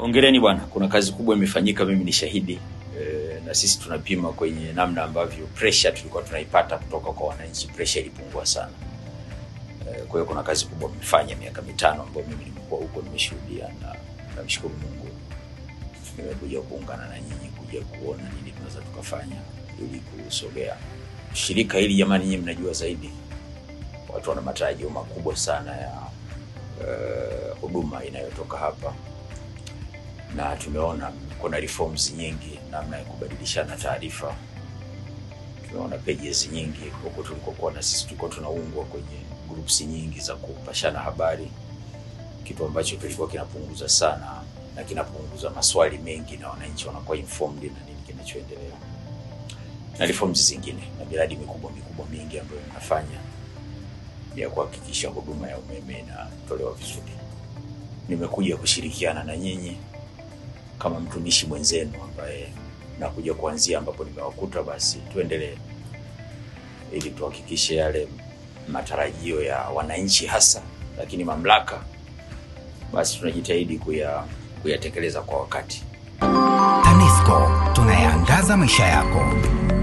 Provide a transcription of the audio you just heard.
Ongereni bwana, kuna kazi kubwa imefanyika, mimi ni shahidi e, na sisi tunapima kwenye namna ambavyo pressure tulikuwa tunaipata kutoka kwa wananchi, pressure ilipungua sana. E, kwa hiyo kuna kazi kubwa mmefanya miaka mitano ambayo mimi nilikuwa huko nimeshuhudia, na namshukuru Mungu nimekuja kuungana na nyinyi kuja kuona nini tunaweza tukafanya ili kusogea shirika hili. Jamani, nyinyi mnajua zaidi, watu wana matarajio makubwa sana ya e, huduma uh, inayotoka hapa na tumeona kuna reforms nyingi namna ya kubadilishana taarifa. Tumeona pages nyingi huko tulikokuwa, na sisi tulikuwa tunaungwa kwenye groups nyingi za kupashana habari, kitu ambacho kilikuwa kinapunguza sana na kinapunguza maswali mengi, na wananchi wanakuwa informed na nini kinachoendelea, na reforms zingine na miradi mikubwa mikubwa mingi ambayo mnafanya ya kuhakikisha huduma ya umeme inatolewa vizuri. Nimekuja kushirikiana na nyinyi kama mtumishi mwenzenu ambaye nakuja kuanzia ambapo nimewakuta, basi tuendelee ili tuhakikishe yale matarajio ya wananchi hasa, lakini mamlaka, basi tunajitahidi kuya, kuyatekeleza kwa wakati. TANESCO tunayaangaza maisha yako.